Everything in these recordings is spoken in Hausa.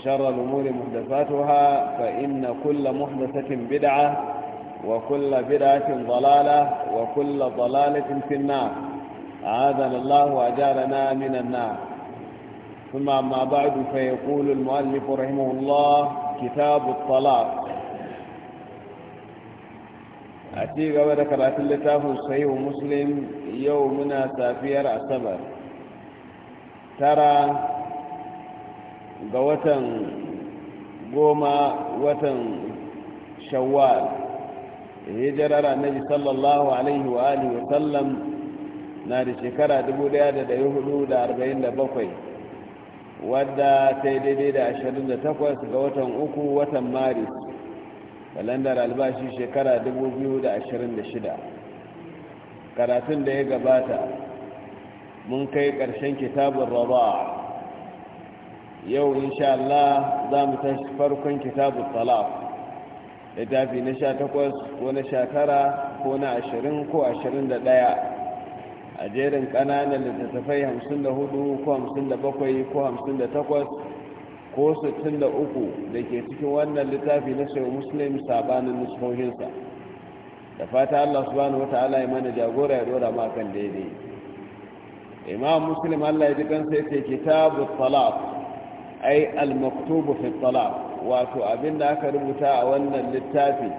وشر الأمور محدثاتها فإن كل محدثة بدعة وكل بدعة ضلالة وكل ضلالة في النار أعاذنا الله وأجارنا من النار ثم أما بعد فيقول المؤلف رحمه الله كتاب الطلاق أتي قبل كرات اللتاف صحيح مسلم يومنا سافير أسبر ترى ga watan goma watan shawwal hijirar annabi sallallahu alaihi wa alihi wa sallam na da shekara 1447 wadda ta yi daidai da 28 ga watan uku watan maris kalandar albashi shekara 2026 karatun da ya gabata mun kai ƙarshen kitabun raba'a yau insha Allah za mu tashi farkon kitabu talaf littafi na sha takwas ko na sha tara ko na ashirin ko ashirin da ɗaya a jerin ƙananan littattafai hamsin da hudu ko hamsin da bakwai ko hamsin da takwas ko sittin da uku da ke cikin wannan littafi na sayo muslim sabanin nusfohinsa da fata Allah subhanahu wa ta'ala ya mana jagora ya dora makon daidai imam muslim Allah ya ji kansa ce kitabu talaf ai al-maktubu fi talaq wato abinda aka rubuta a wannan littafi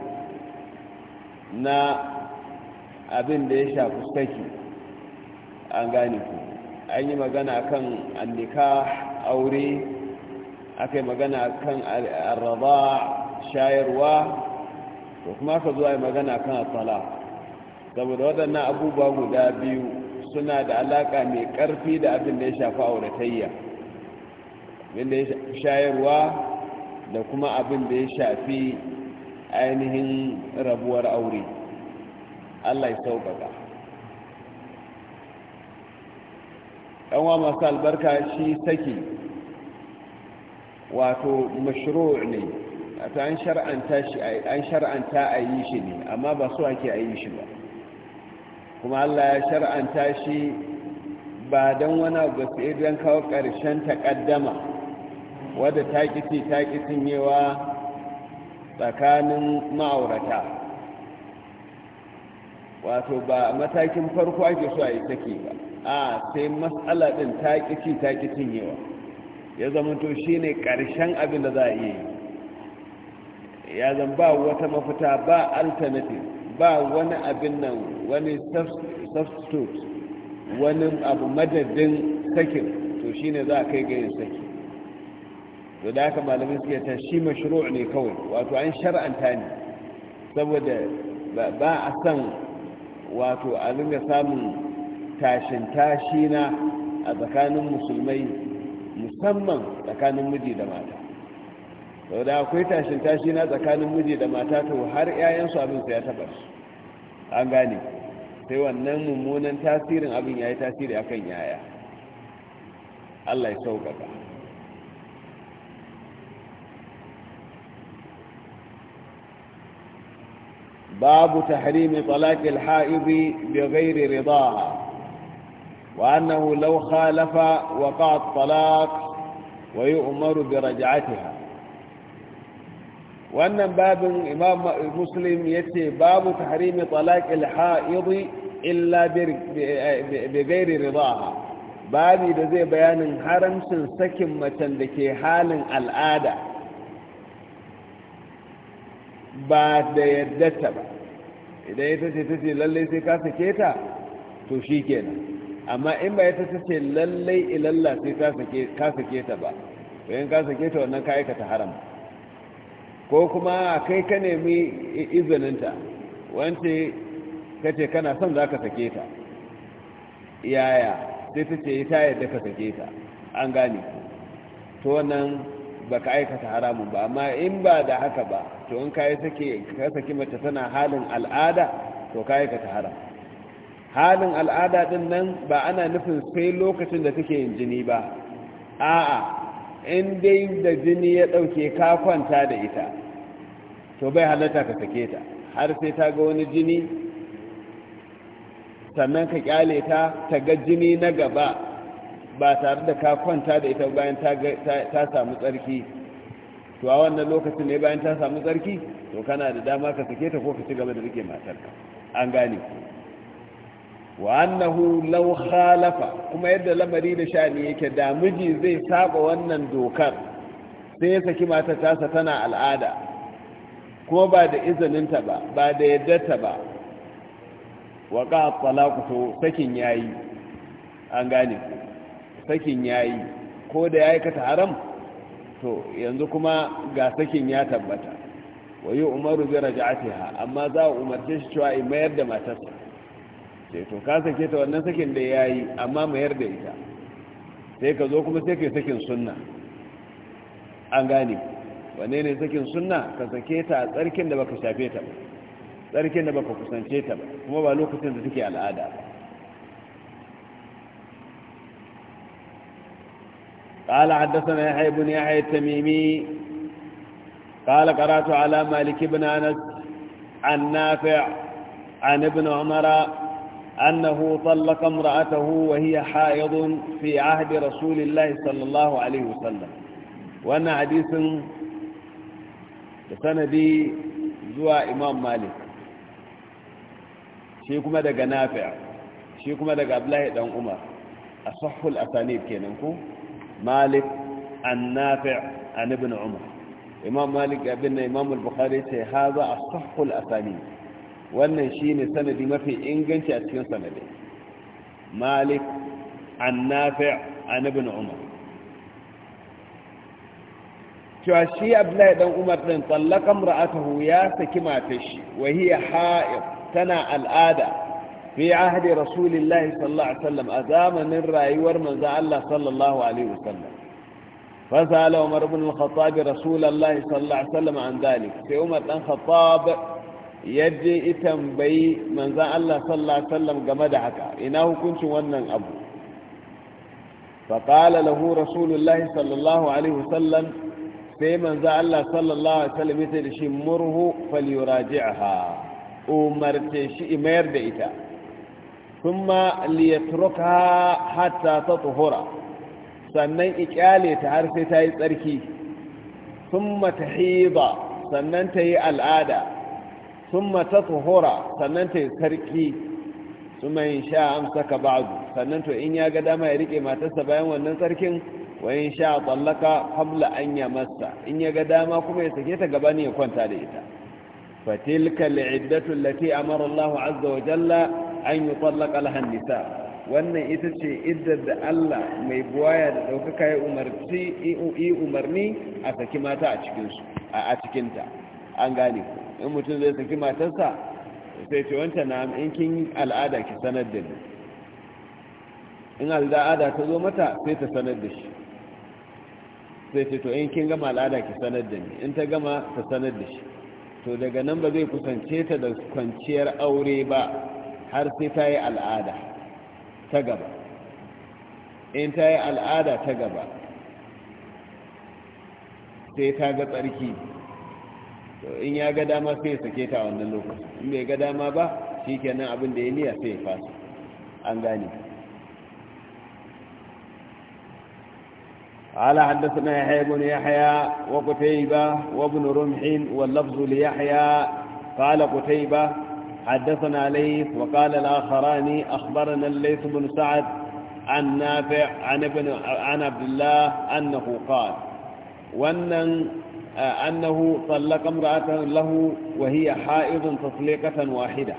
na abin da ya shafi saki an gane ku an yi magana kan annika aure aka yi magana kan arraba shayarwa to kuma ka zuwa yi magana kan tsala saboda waɗannan abubuwa guda biyu suna da alaƙa mai ƙarfi da abin da ya shafi auratayya abin da ya shayarwa da kuma abin da ya shafi ainihin rabuwar aure allah ya sauƙaƙa ɗanwa masu albarka shi saki wato mashiro ne wato an shar'anta a yi shi ne amma ba su ake a yi shi ba kuma allah ya shar'anta shi ba don wani abu su don kawo ƙarshen taƙaddama wadda ta ƙici ta ƙicin yawa tsakanin ma'aurata wato ba matakin farko ake so a yi take ba a sai matsala ɗin ta ƙici ta ƙicin yawa ya zamanto shi ne ƙarshen abin da za a iya yi ya zan ba wata mafita ba alternative ba wani abin nan wani substitute wani abu madadin sakin to shine za a kai ga yin sakin to da haka malamai suke ta shi mashru' ne kawai wato an shar'anta ne saboda ba a san wato a ringa samun tashin tashina a tsakanin musulmai musamman tsakanin miji da mata sau da akwai tashin tashina tsakanin miji da mata to har 'ya'yansu abinsu ya taɓa su an gane sai wannan mummunan tasirin abin ya yi tasiri akan 'ya'ya allah ya sauƙaƙa باب تحريم طلاق الحائض بغير رضاها وأنه لو خالف وقع الطلاق ويؤمر برجعتها وأن باب إمام مسلم يتي باب تحريم طلاق الحائض إلا بغير رضاها باب إذا زي بيان حرم سنسكن لكي حال الآدة ba da yaddata ba idan ita ce ta ce lallai sai ka sake ta to shi kenan amma in ba ita ta ce lallai ilalla sai ka sake ta ba bayan ka sake ta wannan ka aikata haram ko kuma kai ka nemi izininta wance ka ce kana son za ka sake ta yaya sai ta ce ta yadda ka sake ta an gane to wannan baka aikata haramun ba amma in ba da haka ba to in ka saki mace tana halin al'ada to ka aikata haram halin al'ada din nan ba ana nufin sai lokacin da take yin jini ba a'a in dai da jini ya ɗauke ka kwanta da ita to bai halatta ka sake ta har sai ta ga wani jini sannan ka kyale ta ta ga jini na gaba ba tare da ka kwanta da ita bayan ta samu tsarki to a wannan lokacin ne bayan ta samu tsarki to kana da dama ka sake ta ko ka ci gaba da rike ka. an gane wa annahu law khalafa kuma yadda lamari da shani yake da miji zai saba wannan dokar sai ya saki matar tasa tana al'ada kuma ba da izininta ba ba da yaddarta ba wa ka talaqu sakin yayi an gane ku sakin ya yi ko da ya aikata haram to yanzu kuma ga sakin ya tabbata wayo umaru zai bi raj'atiha amma za a umarce shi cewa in mayar da matarsa sai to ka sake ta wannan sakin da ya yi amma mayar da ita sai ka zo kuma sai yi sakin sunna an gane wanne ne sakin sunna ka sake ta a tsarkin da baka shafe ta ba tsarkin da baka kusance ta ba kuma ba lokacin da take al'ada ba قال حدثنا يحيى بن يحيى التميمي قال قرأت على مالك بن أنس عن نافع عن ابن عمر أنه طلق امرأته وهي حائض في عهد رسول الله صلى الله عليه وسلم وأن حديث بسندي زوى إمام مالك شيكما دقى نافع شيكما دقى أبلاه دون عمر أصح الأسانيد كينكم malik an nafi' an ibn umar imam malik abin na imam al-bukhari ce haza asahhu al wannan shine sanadi mafi inganci a cikin sanadi malik an nafi' an ibn umar cewa shi abdullahi dan umar din tallaka imra'atahu ya saki matar shi wa hiya ha'id tana al'ada fi ahdi zamanin rayuwar manzo Allah sallallahu alaihi wasallam fasala umar ibn al-khattab sallallahu alaihi wasallam an sai umar dan khattab yaje itan bai Allah sallallahu alaihi wasallam game da haka ina hukuncin wannan abu فقال له رسول الله صلى الله عليه وسلم في من ذا الله صلى الله عليه وسلم يتلشي مره فليراجعها أمرت شيء مير بيتا ثم ليتركها حتى تطهر sannan ikyale ta har sai ta yi tsarki sun matahiba sannan ta yi al'ada sun mata tuhura sannan ta yi tsarki su mai sha saka ba'azu sannan to in ya ga dama ya rike matarsa bayan wannan tsarkin wayin sha tsallaka hamla an ya masa in ya ga dama kuma ya sake ta gaba ne ya kwanta da ita fatilka li'iddatu lati amara azza wa jalla an yi tsallaka alhannisa wannan ita ce iddar da Allah mai buwaya da daukaka ya umarci yi umarni a saki mata a a cikinta an gane in mutum zai saki matarsa sai ce wanta na in kin al'ada ki sanar da ni in al'ada ta zo mata sai ta sanar da shi sai ce to in kin gama al'ada ki sanar da ni in ta gama ta sanar da shi to daga nan ba zai kusance ta da kwanciyar aure ba har sai ta yi al'ada ta gaba in ta yi al'ada ta gaba sai ta ga tsarki to in ya ga dama sai ya sake ta wannan lokacin in bai ga dama ba shi kenan abin da ya niya sai ya fasa an gane على حدثنا يحيى بن يحيى وقتيبة وابن رمح واللفظ ليحيى قال قتيبة حدثنا ليث وقال الآخران أخبرنا الليث بن سعد عن نافع عن ابن عن عبد الله أنه قال وأن أنه طلق امرأة له وهي حائض تطليقة واحدة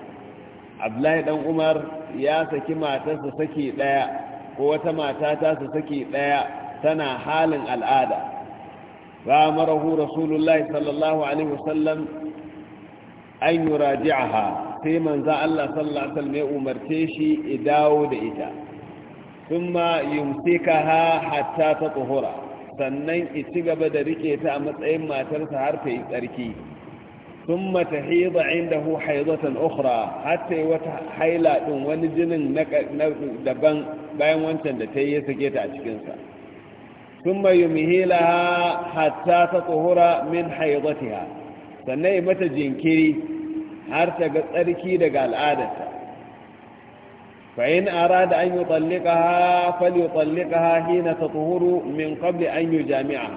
عبد الله بن عمر يا سكي ما تسكي لا قوة ما تسكي لا تنا حال الآدى فأمره رسول الله صلى الله عليه وسلم أن يراجعها sai manza Allah sallallahu alaihi wasallam ya umarce shi ya dawo da ita thumma yumsikaha hatta tatahura sannan ya ci gaba da rike ta a matsayin matarsa har ta yi tsarki thumma tahida indahu haidatan ukhra hatta wata haila din wani jinin na daban bayan wancan da ta yi ya sake ta a cikin sa thumma yumhilaha hatta tatahura min haidatiha sannan mata jinkiri har ta ga tsarki daga al'adarta fa'in da an yi tsallika ha fali tsallika ha hina ta tuhuru min kabli an yi jami'a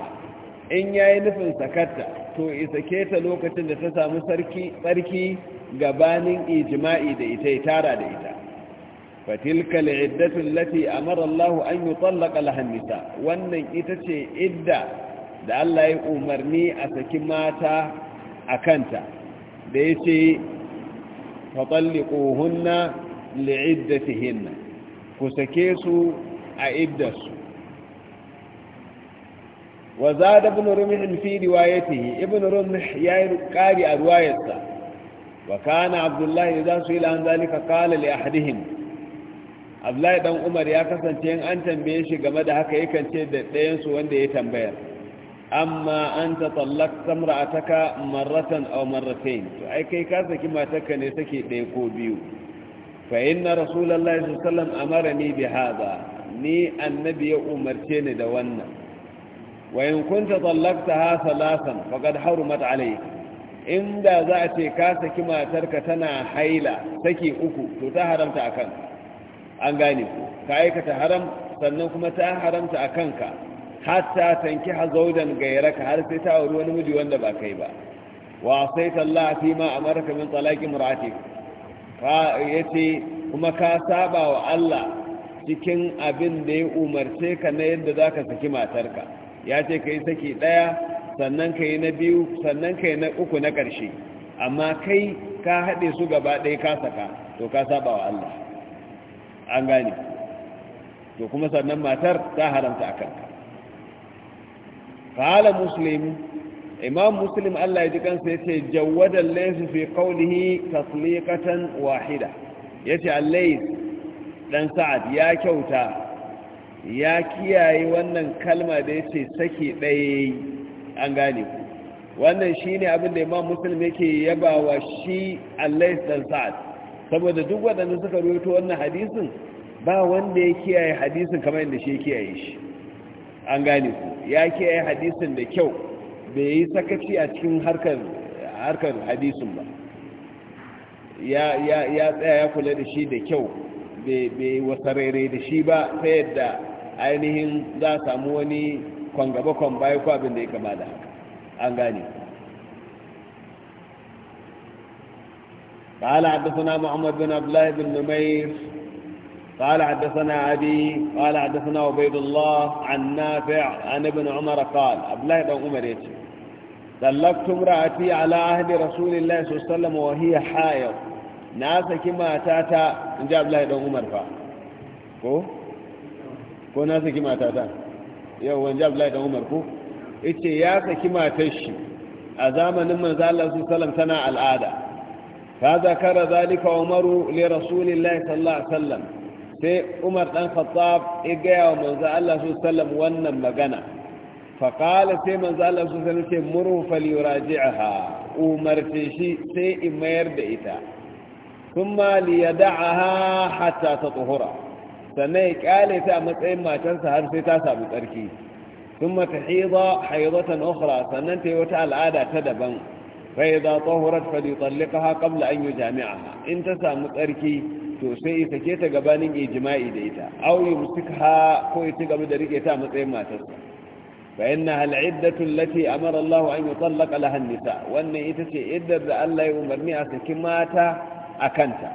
in ya yi nufin sakatta to isa ta lokacin da ta samu tsarki gabanin ijima'i da ita ya tara da ita yi tsallaka التي Wannan ita ce idda da Allah وأن umarni a saki mata a kanta. da ya ce fatalliquhunna li'iddatihinna ku sake su a iddarsu wa zada ibn rumh fi riwayatihi ibn rumh ya ƙari a riwayarsa wa kana abdullahi za su yi an zalika qala li abdullahi dan umar ya kasance an tambaye shi game da haka yakan ce da ɗayan wanda ya tambayar amma an ta samra tsallakta ra'ataka marratan aw marratayn to ai kai ka saki matarka ne take ɗaya ko biyu fa inna rasulullahi sallallahu alaihi wasallam amarani bi hada ni annabi ya umarce ni da wannan Wayan kun wa in kunta tsallaktaha salasan faqad harumat alayka inda za a ce ka saki matarka tana haila saki uku to ta haramta akan an gane ku ka aikata haram sannan kuma ta haramta akan ka hatta tanki hazaudan gairaka har sai ta auri wani miji wanda ba kai ba wa sai Allah fi ma amarka min talaqi murati fa yace kuma ka saba wa Allah cikin abin da ya umarce ka na yadda zaka saki matarka ya ce kai saki daya sannan kai na biyu sannan kai na uku na karshe amma kai ka hade su gaba ɗaya ka saka to ka saba wa Allah an gane to kuma sannan matar ta haramta akanka qala muslim imam muslim Allah ya ji kansa yace jawwada laysu fi qawlihi tasliqatan wahida yace allays dan sa'ad ya kyauta ya kiyaye wannan kalma da yace saki ɗaya an gane wannan shine abin da imam muslim yake yabawa shi allays dan sa'ad saboda duk waɗanda suka rawaito wannan hadisin ba wanda ya kiyaye hadisin kamar yadda shi ya kiyaye shi an gane ku ya yi hadisin da kyau bai yi sakaci a cikin harkar hadisin ba ya tsaya ya kula da shi da kyau bai wasarere da shi ba ta yadda ainihin za a samu wani kwangaba baya ko abin da ya kama da an gane قال عبد الله بن عبد الله بن نمير قال حدثنا أبي قال حدثنا عبيد الله عن نافع عن ابن عمر قال أبلاه بن عمر يتي طلقت امرأتي على عهد رسول الله صلى الله عليه وسلم وهي حائض ناسا كما تاتا إن جاء أبلاه بن عمر فا كو كو ناسا كما تاتا يو إن جاء أبلاه بن عمر كو إتي ياسا كما تشي أزاما نمن زال الله صلى الله عليه وسلم سنة العادة فذكر ذلك عمر لرسول الله صلى الله عليه وسلم sai umar dan khattab ya gaya wa manzo Allah su sallam wannan magana fa sai manzo Allah su sallam ce murhu falyuraji'aha umarce shi sai in mayar da ita kuma liyada'aha hatta tatuhura sannan ya kyale ta a matsayin matarsa har sai ta samu tsarki ثم تحيض حيضة أخرى سننتهي sannan ta daban. فإذا طهرت فليطلقها قبل jami'a. in ta samu tsarki. to sai ya sake ta gabanin ijma'i da ita aw yumsikha ko ya ci gaba da rike ta a matsayin matarsa fa inna al iddatu allati amara Allah an yutallaqa laha an-nisa wannan ita ce iddar da Allah ya umarni a saki mata akanta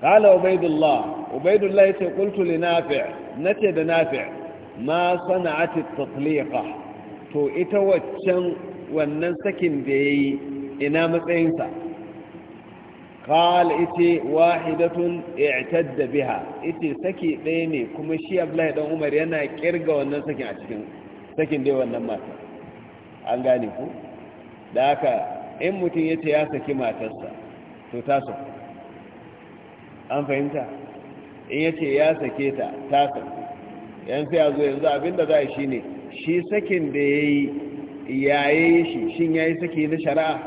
qala ubaydullah ubaydullah yace qultu li nafi' nace da nafi' ma sana'at at-tatliqa to ita waccan wannan sakin da yayi ina matsayinsa قال إتي واحدة اعتد بها إتي سكي ديني كما شي أبلاه دون عمر ينا كيرغا ونن سكي عشكين سكي دي ونن ماتا أنغاني فو داكا إمو تي يتي يا سكي ما تسا تتاسو أم فهمتا إن يتي يا سكي تا تاسو yanzu ya zo أبين دا za شي سكي دي shi sakin da ya yi دي shi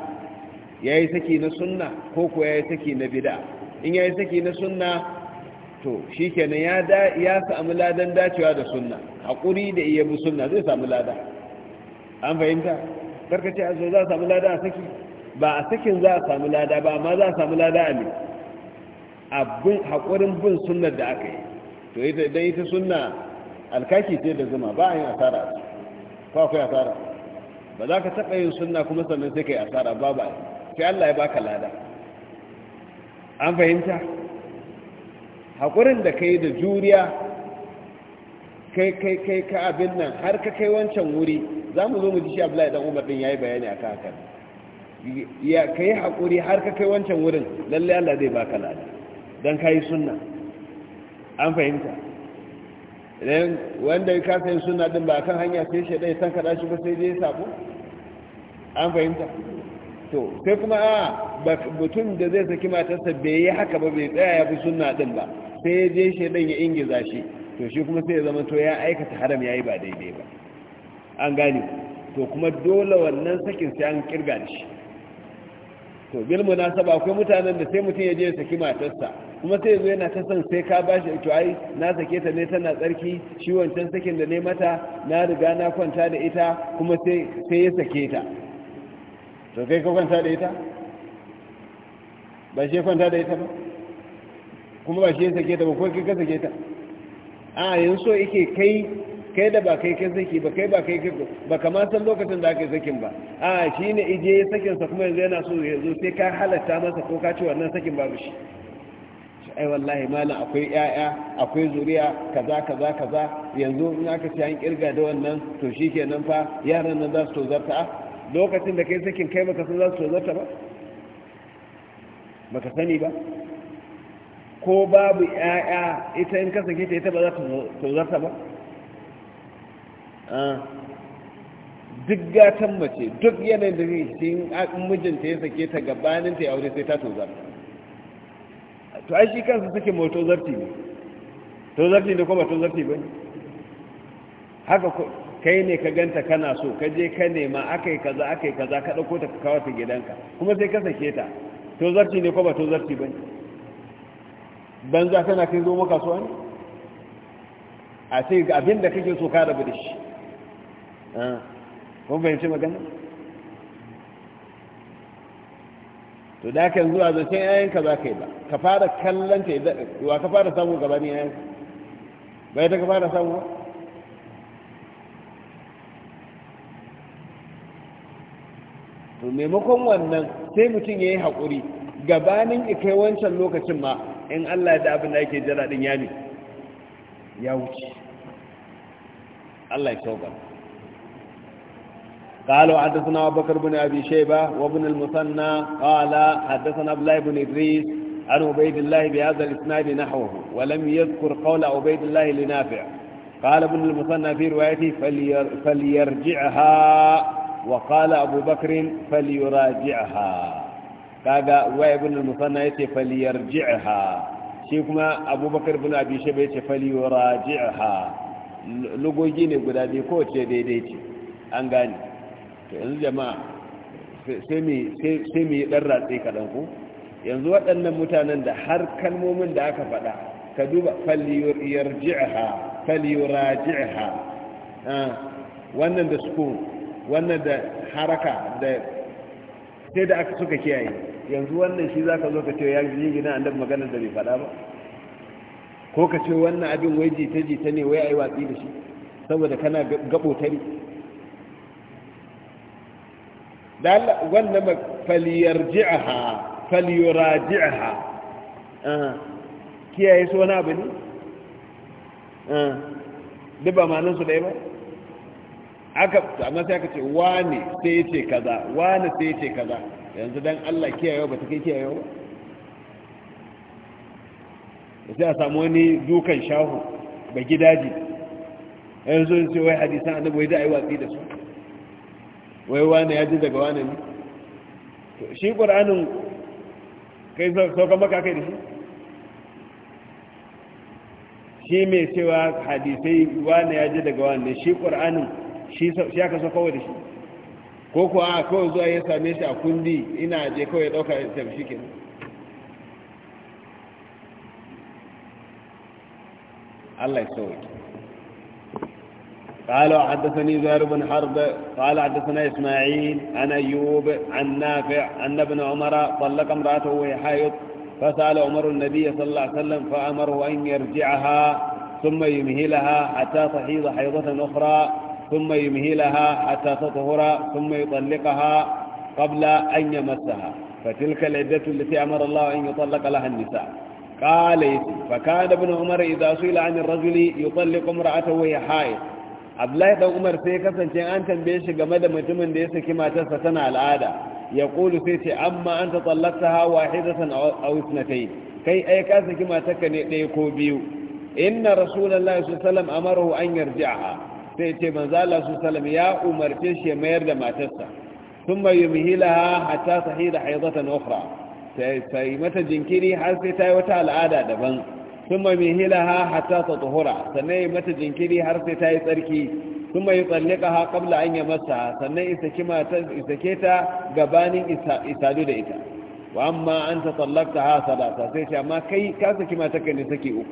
ya yi saki na sunna ko ko ya yi saki na bida in ya yi saki na sunna to shi kenan ya samu ladan dacewa da sunna haƙuri da iya bi sunna zai samu lada an fahimta karkace a za a samu lada a saki ba a sakin za a samu lada ba amma za a samu lada a ne abin haƙurin bin sunnar da aka yi to ita idan ita sunna alkaki ce da zuma ba a yin asara ko akwai asara ba za ka taɓa yin sunna kuma sannan sai ka yi asara ba ba sai Allah ya baka lada an fahimta haƙurin da kai da juriya kai kai kai ka abin nan har ka kai wancan wuri za mu zo mu ji shi abdullahi dan umar din yayi bayani a kan haka ya kai haƙuri har ka kai wancan wurin lalle Allah zai baka lada dan kai sunna an fahimta idan wanda ya kasa yin sunna din ba kan hanya sai shi dai san kada shi ba sai dai sabo an fahimta to sai kuma a mutum da zai saki matarsa bai yi haka ba bai tsaya ya fi suna din ba sai ya je shi dan ya ingiza shi to shi kuma sai ya zama to ya aikata haram yayi ba daidai ba an gane to kuma dole wannan sakin sai an kirga da shi to bil munasaba akwai mutanen da sai mutum ya je ya saki matarsa kuma sai zo yana ta san sai ka bashi to ai na sake ta ne tana tsarki shi wancan sakin da ne mata na riga na kwanta da ita kuma sai sai ya sake ta to kai ka kwanta da ita ba shi kwanta da ita ba kuma ba shi ya sake ta ba ko kai ka sake ta a yanzu so ike kai kai da ba kai kai saki ba kai ba kai kai ba kama san lokacin da aka yi sakin ba a shi ne ije ya sakin sa kuma yanzu yana so ya zo sai ka halatta masa ko ka ce wannan sakin babu shi ai wallahi malam akwai yaya akwai zuriya kaza kaza kaza yanzu in aka ci an kirga da wannan to shikenan fa yaran nan za su zarta lokacin da kai sakin kai baka san za su zata ba baka sani ba ko babu ƴaƴa ita in ka sake ta ita ba za ta zata ba ah. duk gatan mace duk yanayin da zai cikin mijinta ya sake ta gabanin ta ya aure sai ta tozarta to ai shi kansa suke mai tozarti ne tozarti ne ko ba tozarti ba haka kai ne ka ganta kana so ka je ka nema akai kaza akai kaza ka ɗauko ta ka kawo ta gidanka kuma sai ka sake ta to zarci ne ko ba to zarci ba. banza kana kai zo maka so ne a sai abinda kake so ka rabu da shi ah kun fahimci magana to da kan zuwa zancen yayanka za ka yi ba ka fara kallanta ta wa ka fara samu gabanin yayanka bai ta ka fara samu ba maimakon wannan sai mutum ya yi haƙuri gabanin ikai wancan lokacin ma in Allah da abin da yake jira din ya ne ya wuce Allah ya sauka قالوا حدثنا أبو بكر بن أبي شيبة وابن المثنى قال حدثنا عبد الله بن إدريس عن عبيد الله بهذا الإسناد نحوه ولم يذكر قول عبيد الله لنافع قال ابن المثنى في روايته فلير فليرجعها wa qala abu bakrin falyuraji'aha kaga waya ibn al-musanna yace falyarji'aha shi kuma abubakar ibn abi shayba yace falyuraji'aha lugogi ne guda biyu daidai ce an gane to yanzu jama'a sai mi sai mi dan ratse kadan ku yanzu waɗannan mutanen da har kalmomin da aka faɗa ka duba falyurji'aha falyuraji'aha ah, wannan da sukun wannan da haraka da sai da aka suka kiyaye yanzu wannan shi za ka zo ka ce ya yi gina da magana da bai faɗa ba ko ka ce wannan abin wai jita jita ne wai a yi watsi da shi saboda kana gabo tare da Allah wannan falyarji'aha falyuraji'aha ah, kiyaye su wani abu ne ah, duk ba ma'anar su ɗaya ba aka amma sai aka ce wane sai ya ce kaza wane sai ya ce kaza yanzu dan Allah kiyayewa ba ta kai kiyayewa ba sai a samu wani dukan shahu ba gidaje yanzu in ce wai hadisan annabi wai da ai watsi da su wai wane ya ji daga wane ne to shi qur'anin kai sauka maka kai da shi shi mai cewa hadisai wane ya ji daga wane shi qur'anin shi aka so kawai da shi ko kuwa a kawai zuwa ya same shi a kundi ina je kawai ya ɗauka ya tafi shi kenan الله يسوي قال حدثني زهير بن حرب قال حدثنا إسماعيل عن أيوب عن نافع أن ابن عمر طلق امرأته وهي حائض فسأل عمر النبي صلى الله عليه وسلم فأمره أن يرجعها ثم يمهلها حتى تحيض حيضة أخرى ثم يمهلها حتى تطهر ثم يطلقها قبل أن يمسها فتلك العدة التي أمر الله أن يطلق لها النساء قال فكان ابن عمر إذا سئل عن الرجل يطلق امرأته وهي حائض Abdullahi dan Umar sai kasance an tambaye shi game da mutumin da ya saki matarsa tana al'ada ya kulu sai ce amma an ta tsallata ha wahidatan aw isnatayn kai ai ka saki matarka ne daya ko biyu inna rasulullahi sallallahu alaihi an sai ce manzo su Salam ya umarce shi mayar da matarsa Sun thumma yumhilaha hatta sahira haidatan ukhra sai sai mata jinkiri har sai ta yi wata al'ada daban Sun thumma yumhilaha hatta tatuhura sannan mata jinkiri har sai ta yi tsarki Sun thumma yutallaqaha kabla an yamassa sannan isaki matar isake ta gabanin isadu da ita wa amma an tatallaqtaha salasa sai ce amma kai ka saki matarka ne saki uku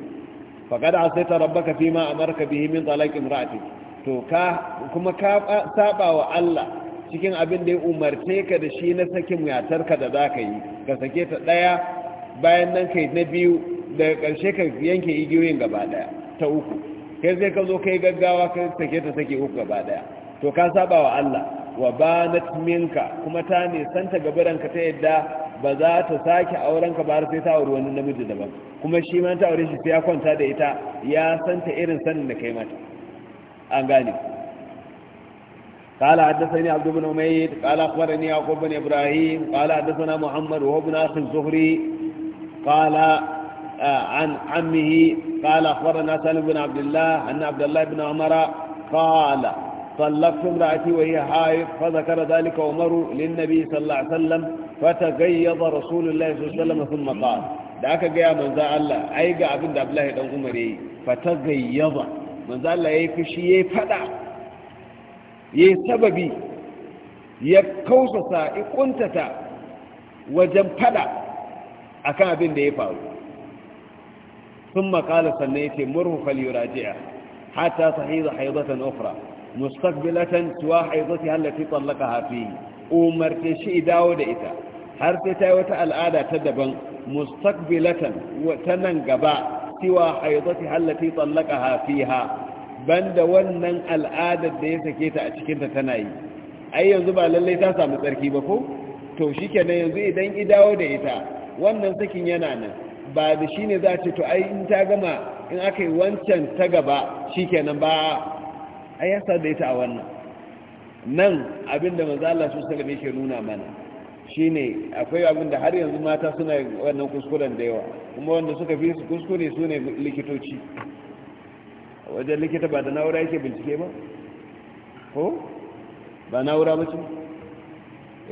faqad asaita rabbaka fima amarka bihi min talaqi imra'atik to ka kuma ka saba wa Allah cikin abin da ya umarce ka da shi na sakin yatarka da za ka yi ka sake ta ɗaya bayan nan kai na biyu daga ƙarshe ka yanke igiyoyin gaba ɗaya ta uku kai zai ka zo ka yi gaggawa ka sake ta sake uku gaba ɗaya to ka saba wa Allah wa na minka kuma ta ne san ta yadda ba za ta sake auren ka ba har sai ta auri wani namiji daban kuma shi ma ta aure shi sai ya kwanta da ita ya santa irin sanin da kai mata an gane قال حدثني عبد بن عمير قال أخبرني يعقوب بن إبراهيم قال حدثنا محمد وهو ابن أخي الزهري قال عن عمه قال أخبرنا سالم بن عبد الله أن عبد الله بن عمر قال طلقت امرأتي وهي حائض فذكر ذلك عمر للنبي صلى الله عليه وسلم فتغيظ رسول الله صلى الله عليه وسلم ثم قال da aka gaya manza Allah ai ga abin da Abdullahi dan Umar yayi fa tagayyaza manzo Allah yayi fushi yayi fada yayi sababi ya kausasa ya kuntata wajen fada akan abin da ya faru thumma qala sannan ce murhu falyuraji'a hatta sahida haidatan ukhra mustaqbilatan tuwa haidatiha allati talaqaha fi umarta shi dawo da ita har sai ta yi wata al'ada ta daban mustaqbilatan ta nan gaba siwa haidati allati talaqaha fiha banda wannan al'adar da ya sake ta a cikin ta tana yi ai yanzu ba lalle ta samu tsarki ba ko to shikenan yanzu idan i dawo da ita wannan sakin yana nan ba da shine za ce to ai in ta gama in aka yi wancan ta gaba shikenan ba ai ya sa da ita a wannan nan abinda manzo Allah su sallame shi nuna mana shine akwai abin da har yanzu mata suna wannan kuskuren da yawa kuma wanda suka fi su kuskure su ne likitoci wajen likita ba da na'ura yake bincike ba ko ba na'ura ba ce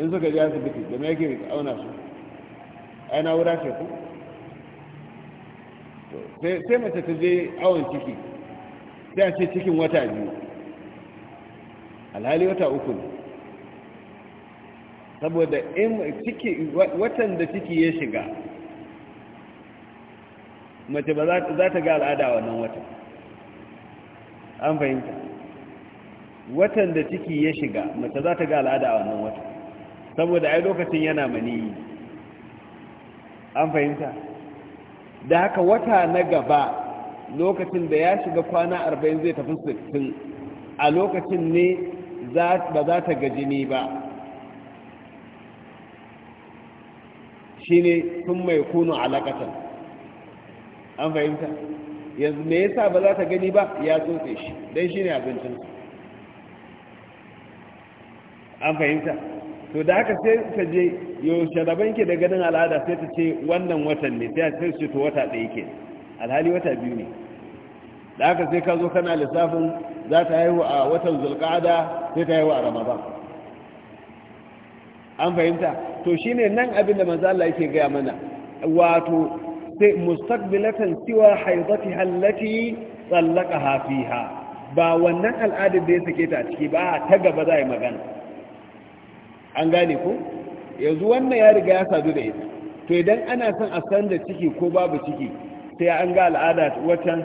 in suka ji asibiti da mai yake auna su ai na'ura ke ku sai mace ta je awon ciki sai a ce cikin wata biyu alhali wata uku ne saboda in ciki watan da ciki ya shiga mace ba za ta ga al'ada wannan watan an fahimta watan da ciki ya shiga mace za ta ga al'ada wannan watan saboda ai lokacin yana maniyi an fahimta da haka wata na gaba lokacin da ya shiga kwana arba'in zai tafi sittin, a lokacin ne ba za ta gajini ba shine sun mai kunu alaƙatan an fahimta yanzu me yasa ba za ta gani ba ya tsotse shi don shine abincinsu an fahimta to da haka sai ta je yaushe rabon ke da ganin al'ada sai ta ce wannan watan ne sai ta ce to wata ɗaya ke alhali wata biyu ne da haka sai ka zo kana lissafin za ta haihu a watan zulƙada sai ta haihu a ramadan an fahimta to shine nan abinda da manzo yake gaya mana wato sai mustaqbilatan siwa haidatiha allati tsallaka fiha ba wannan al'adar da ya sake ta ciki ba ta gaba za a yi magana an gane ko yanzu wannan ya riga ya sadu da ita to idan ana son a san da ciki ko babu ciki sai an ga al'ada watan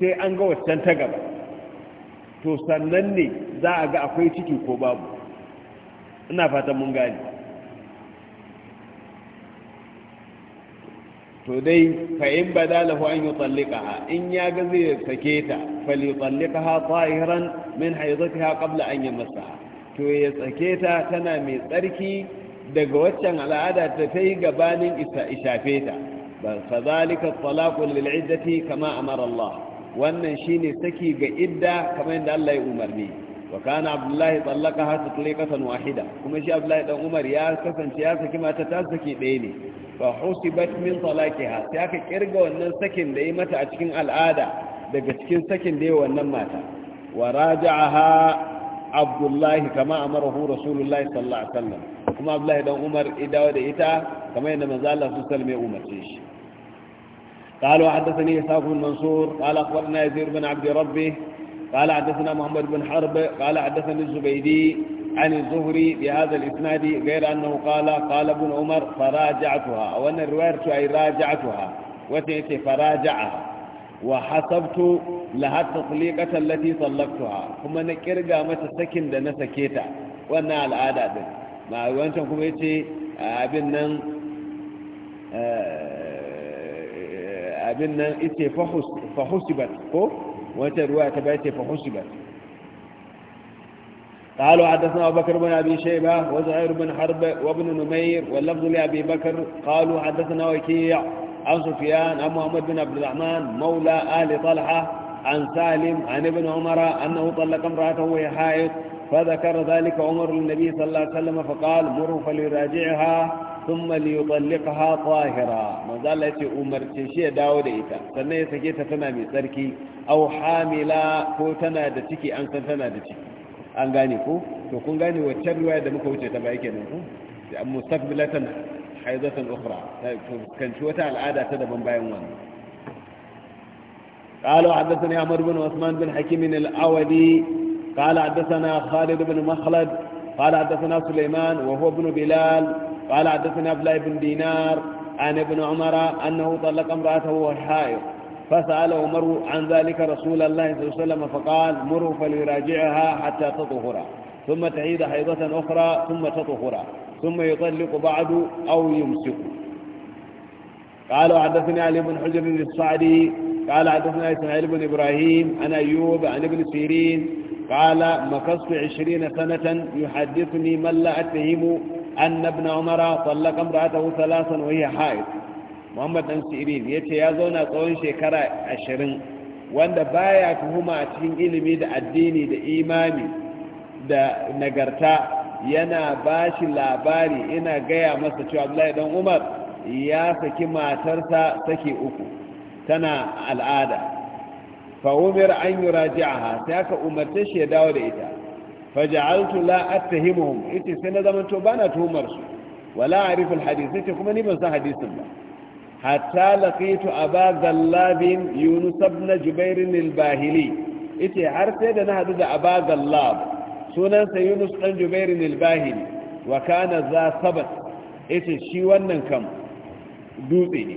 sai an ga waccan ta gaba to sannan ne za a ga akwai ciki ko babu ina fatan mun gani to dai fa in bada lahu an ha, in ya ga zai sake ta falyutallikaha tahiran min haidatiha qabla an yamassaha to ya sake ta tana mai tsarki daga waccan al'ada ta ta yi gabanin ishafe ta ba fa zalika talaqul lil kama amara Allah wannan shine saki ga idda kamar yadda Allah ya umarni wa kana abdullahi tsallaka har tsallakatan wahida kuma shi abdullahi dan umar ya kasance ya saki mata ta saki ɗaya ne fa husibat salaki talaqiha sai aka kirga wannan sakin da yi mata a cikin al'ada daga cikin sakin da yi wannan mata wa raja'aha abdullahi kama amarahu rasulullahi sallallahu alaihi kuma abdullahi dan umar idawa da ita kamar yadda manzo Allah sallallahu alaihi wasallam ya umarce shi قالوا حدثني إسحاق بن منصور قال أخبرنا يزيد بن عبد ربه قال حدثنا محمد بن حرب قال حدثني الزبيدي عن الزهري بهذا الإسناد غير أنه قال قال ابن عمر فراجعتها أو أن الرواية أي راجعتها وتأتي فراجعها وحسبت لها التطليقة التي طلقتها ثم نكر قامت السكن دنا سكيتا وأن العادة دي. ما وانتم كم يتي ابن nan abin آه، فحسبت wata رواية تبعتي bace قالوا حدثنا أبو بكر بن أبي شيبة وزهير بن حرب وابن نمير واللفظ لأبي بكر قالوا حدثنا وكيع عن سفيان عن محمد بن عبد الرحمن مولى آل طلحة عن سالم عن ابن عمر أنه طلق امرأته وهي حائض فذكر ذلك عمر للنبي صلى الله عليه وسلم فقال مروا فليراجعها thumma liyutallaqha tahira manzo Allah yace umarce shi ya dawo da ita sannan ya sake ta tana mai tsarki aw hamila ko tana da ciki an san tana da ciki an gane ko to kun gane waccan riwaya da muka wuce ta baya kenan ko da mustaqbilatan haidatan ukhra kan ci wata al'ada ta daban bayan wannan قالوا حدثني عمرو بن عثمان بن حكيم الأودي قال حدثنا خالد بن مخلد قال حدثنا سليمان وهو ابن بلال قال حدثنا عبد الله بن دينار عن ابن عمر أنه طلق امرأته وهو حائض فسأل عمر عن ذلك رسول الله صلى الله عليه وسلم فقال مروا فليراجعها حتى تطهر ثم تعيد حيضة أخرى ثم تطهر ثم يطلق بعد أو يمسك قال حدثنا علي بن حجر الصعدي قال حدثنا إسماعيل بن إبراهيم عن أيوب عن ابن سيرين قال مكثت عشرين سنة يحدثني من لا أتهم أن ابن عمر طلق امرأته ثلاثا وهي حائض محمد بن سيرين يتي يا زونا tsawon shekara ashirin wanda baya tuhuma a cikin ilimi da addini da imani da nagarta yana bashi labari ina gaya masa cewa Abdullahi dan Umar ya saki matarsa saki uku tana al'ada fa umir an yuraji'aha sai aka umarce shi ya dawo da ita faja'altu la attahimuhum Ita sai na zaman to bana tuhumar su wala arifu alhadith yace kuma ni ban san hadisin ba hatta laqitu aba zallabin yunus ibn jubair al-bahili har sai da na hadu da aba zallab sunan sa yunus dan jubair al-bahili wa kana za sabat shi wannan kam dutse ne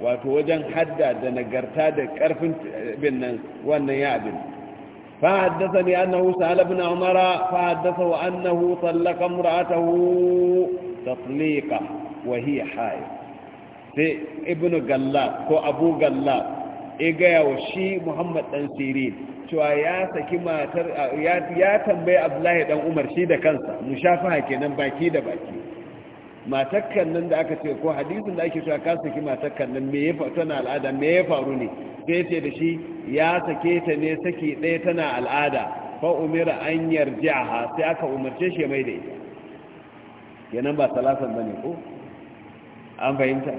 wato wajen hadda da nagarta da karfin eh, bin nan wannan ya abin فحدثني أنه سأل ابن عمر فحدثه أنه طلق امرأته تطليقة وهي حائض في ابن قلاب كو أبو قلاب إيجا وشي محمد أنسيرين cewa ya saki matar ya tambaye abdullahi dan umar shi da kansa mushafaha kenan baki da baki matakkan nan da aka ce ko hadisin da ake cewa ka saki matakkan nan me ya tana al'ada me ya faru ne sai ce da shi ya sake ta ne saki ɗaya tana al'ada fa umira an yarji'aha sai aka umarce shi mai da ita kenan ba salasan bane ko an fahimta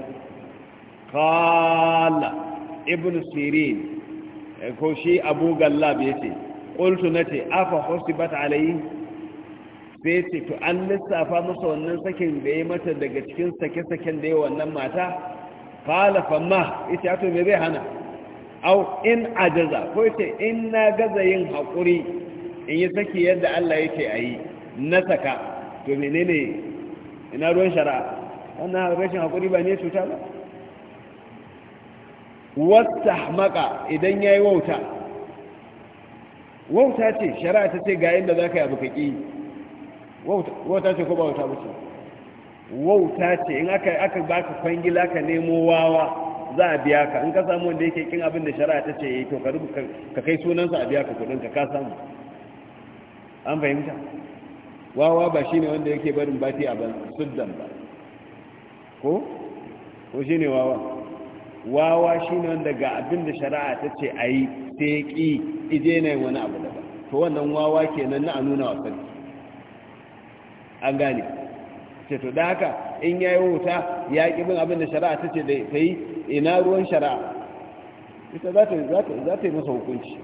qala ibn sirin eh, ko shi abu gallab yace qultu nati afa husibat alayhi sai ce to an lissafa masa wannan sakin da ya mata daga cikin sake-saken da ya wannan mata falafa ma ita yato mai zai hana au in ajaza ko ita in na gaza yin haƙuri in yi saki yadda Allah ya ce a yi na saka to menene ina ruwan shara'a wannan rashin haƙuri ba ne cuta ba wata maka idan ya yi wauta wauta ce shara'a ta ce ga yadda za ka yi abu ka ƙi wauta ce ko ba wauta bace wauta ce in aka aka baka kwangila ka nemo wawa za a biya ka in ka samu wanda yake kin abin da shari'a ta ce yayi eh, to ka rubuta ka kai sunansa a biya ka kudin ka ka samu an fahimta wawa ba shine wanda yake barin bati a ban suddan ba ko ko shine wawa wawa shine wanda ga abin da shari'a ta ce ayi sai ki ije ne wani abu daban to wannan wawa kenan na a nuna wa sarki an gane ce to da haka in ya yi wuta ya ƙi bin abin da shari'a ta ce da ta yi ina ruwan shari'a ita za ta yi masa hukunci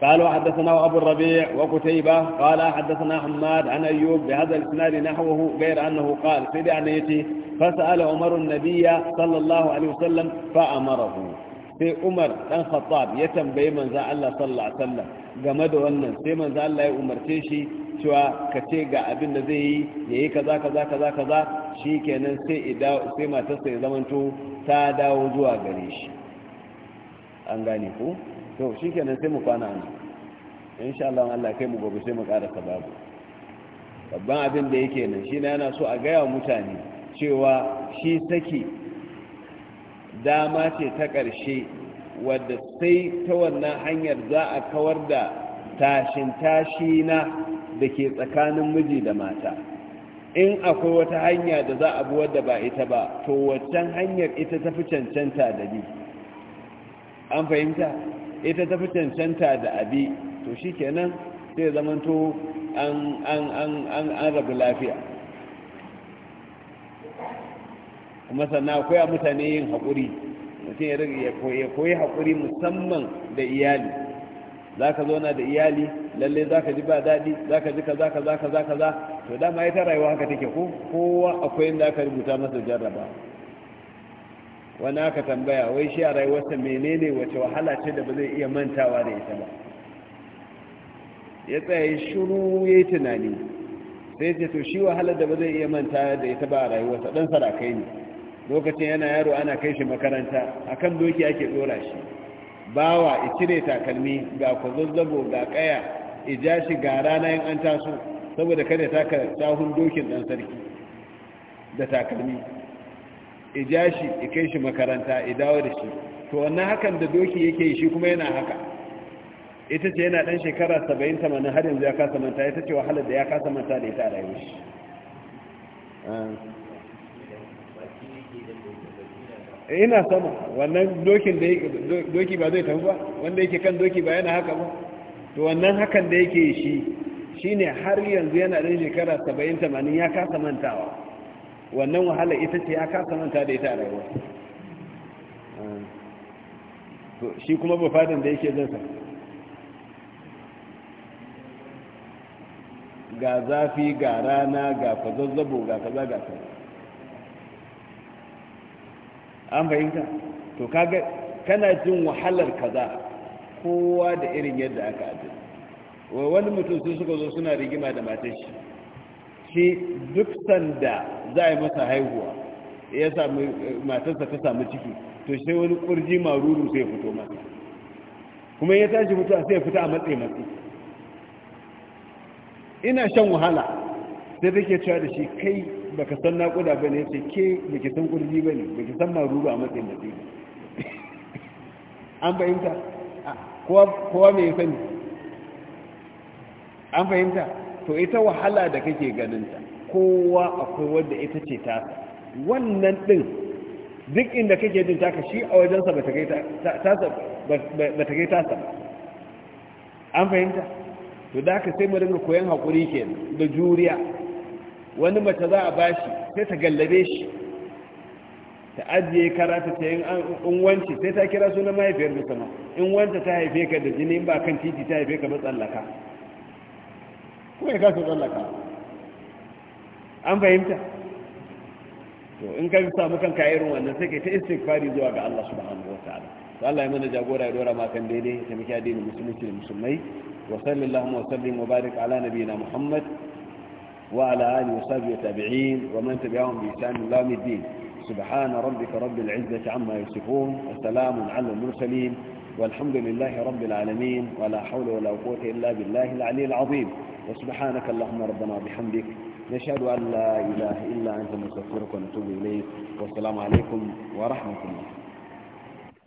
قالوا حدثنا أبو الربيع وقتيبة قال حدثنا حماد عن أيوب بهذا الإسناد نحوه غير أنه قال في دعنيتي فسأل عمر النبي صلى الله عليه وسلم فأمره sai umar dan khattab ya tambayi manzan Allah sallallahu alaihi wasallam game da wannan sai manzan Allah ya umarce shi cewa ka ce ga abin da zai yi yayi kaza kaza kaza kaza shikenan sai ida sai matarsa ya zamanto ta dawo zuwa gare shi an gane ku to shikenan sai mu kwana nan insha Allah Allah kai mu gobe sai mu ƙara sababu babban abin da yake nan shi yana so a gaya wa mutane cewa shi saki dama ce ta ƙarshe wadda sai ta wannan hanyar za a kawar da tashin na da ke tsakanin miji da mata in akwai wata hanya da za a bi wadda ba ita ba to waccan hanyar ita ta fi cancanta da bi an fahimta ita ta fi cancanta da abi to shi kenan sai zamanto an rabu lafiya kuma sannan akwai a mutane yin haƙuri mutum ya koyi haƙuri musamman da iyali za ka zauna da iyali lalle za ka ji ba daɗi za ka ji kaza kaza kaza kaza to dama ita rayuwa haka take ko kowa akwai inda aka rubuta masa jarraba wani aka tambaya wai shi a rayuwarsa menene wace wahala ce da ba zai iya mantawa da ita ba ya tsaye shiru ya yi tunani sai ce to shi wahala da ba zai iya mantawa da ita ba a rayuwarsa ɗan sarakai ne lokacin yana yaro ana kai shi makaranta akan doki ake dora shi bawa i cire takalmi ga kwazazzabo ga kaya i ja shi ga rana yin an taso saboda kada ta ka sahun dokin dan sarki da takalmi i ja shi i kai shi makaranta i dawo da shi to wannan hakan da doki yake shi kuma yana haka ita ce yana dan shekara 70 80 har yanzu ya kasa manta ita ce wahalar da ya kasa manta da ita a rayuwa shi ah. ina sama wannan dokin da doki ba zai tafi ba wanda yake kan doki ba yana haka ba to wannan hakan da yake shi shine har yanzu yana da shekara 70 80 ya kasa mantawa wannan wahala ita ce ya kasa manta da ita a rayuwa to shi kuma ba fadan da yake zansa ga zafi ga rana ga fazazzabo ga kaza ga kaza an fahimta to kaga kana jin wahalar kaza kowa da irin yadda aka ajiye wani mutum sun suka zo suna rigima da matar shi shi duk sanda za a yi masa haihuwa ya sami matarsa ta sami ciki to sai wani kurji maruru sai fito masa kuma ya tashi mutuwa sai ya fita a matsayi matsi ina shan wahala sai take cewa da shi kai baka san naƙuda ba ne ce ke baki san ƙurji ba ne baki san maru ba a matsayin da ke an fahimta kowa mai sani an fahimta to ita wahala da kake ganinta kowa akwai wadda ita ce ta wannan ɗin duk inda kake jin taka shi a wajensa ba ta kai tasa ba an fahimta to da aka sai mu ringa koyon haƙuri ke da juriya wani mace za a bashi sai ta gallabe shi ta ajiye karata ta yin in wanci sai ta kira sunan mahaifiyar da sama in wanta ta haife ka da jini ba kan titi ta haife ka ba tsallaka kuma ya kasa tsallaka an fahimta to in ka samu kan irin wannan sai kai ta istighfari zuwa ga Allah subhanahu wataala to Allah ya mana jagora ya dora makan daidai ta muke addinin musulunci da musulmai wa sallallahu wa sallim wa barik ala nabiyina muhammad وعلى آله وصحبه التابعين ومن تبعهم بإحسان الله الدين سبحان ربك رب العزة عما يصفون وسلام على المرسلين والحمد لله رب العالمين ولا حول ولا قوة إلا بالله العلي العظيم وسبحانك اللهم ربنا وبحمدك نشهد أن لا إله إلا أنت نستغفرك ونتوب إليك والسلام عليكم ورحمة الله